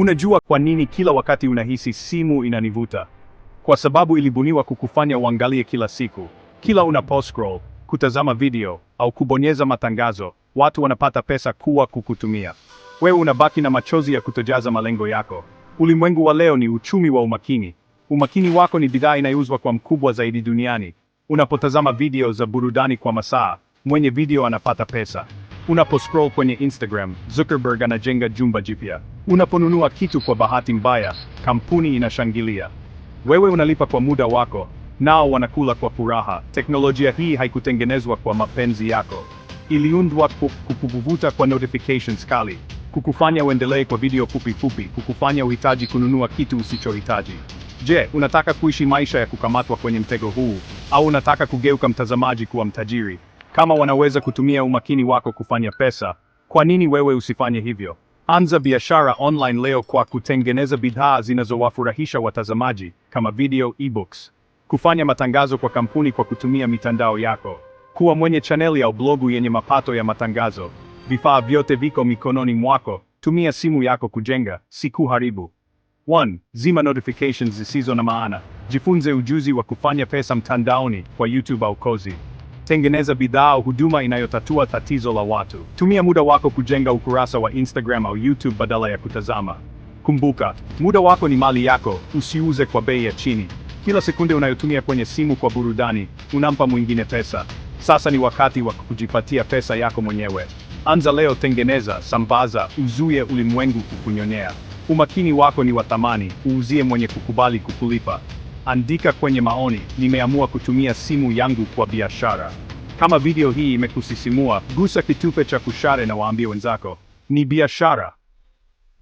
Unajua kwa nini kila wakati unahisi simu inanivuta? Kwa sababu ilibuniwa kukufanya uangalie kila siku. Kila unaposcroll, kutazama video au kubonyeza matangazo, watu wanapata pesa kuwa kukutumia wewe. Unabaki na machozi ya kutojaza malengo yako. Ulimwengu wa leo ni uchumi wa umakini. Umakini wako ni bidhaa inayouzwa kwa mkubwa zaidi duniani. Unapotazama video za burudani kwa masaa, mwenye video anapata pesa. Unaposcroll kwenye Instagram, Zuckerberg anajenga jumba jipya. Unaponunua kitu kwa bahati mbaya, kampuni inashangilia, wewe unalipa kwa muda wako, nao wanakula kwa furaha. Teknolojia hii haikutengenezwa kwa mapenzi yako, iliundwa kukuvuta kwa notifications kali, kukufanya uendelee kwa video fupi fupi, kukufanya uhitaji kununua kitu usichohitaji. Je, unataka kuishi maisha ya kukamatwa kwenye mtego huu, au unataka kugeuka mtazamaji kuwa mtajiri? Kama wanaweza kutumia umakini wako kufanya pesa, kwa nini wewe usifanye hivyo? Anza biashara online leo kwa kutengeneza bidhaa zinazowafurahisha watazamaji kama video, ebooks, kufanya matangazo kwa kampuni kwa kutumia mitandao yako, kuwa mwenye chaneli au blogu yenye mapato ya matangazo. Vifaa vyote viko mikononi mwako, tumia simu yako kujenga, si kuharibu. 1. Zima notifications zisizo na maana. Jifunze ujuzi wa kufanya pesa mtandaoni kwa YouTube au kozi tengeneza bidhaa au huduma inayotatua tatizo la watu. Tumia muda wako kujenga ukurasa wa Instagram au YouTube badala ya kutazama. Kumbuka, muda wako ni mali yako, usiuze kwa bei ya chini. Kila sekunde unayotumia kwenye simu kwa burudani, unampa mwingine pesa. Sasa ni wakati wa kujipatia pesa yako mwenyewe. Anza leo, tengeneza, sambaza, uzuie ulimwengu kukunyonyea. Umakini wako ni wa thamani, uuzie mwenye kukubali kukulipa andika kwenye maoni, nimeamua kutumia simu yangu kwa biashara. Kama video hii imekusisimua, gusa kitufe cha kushare na waambie wenzako. Ni biashara.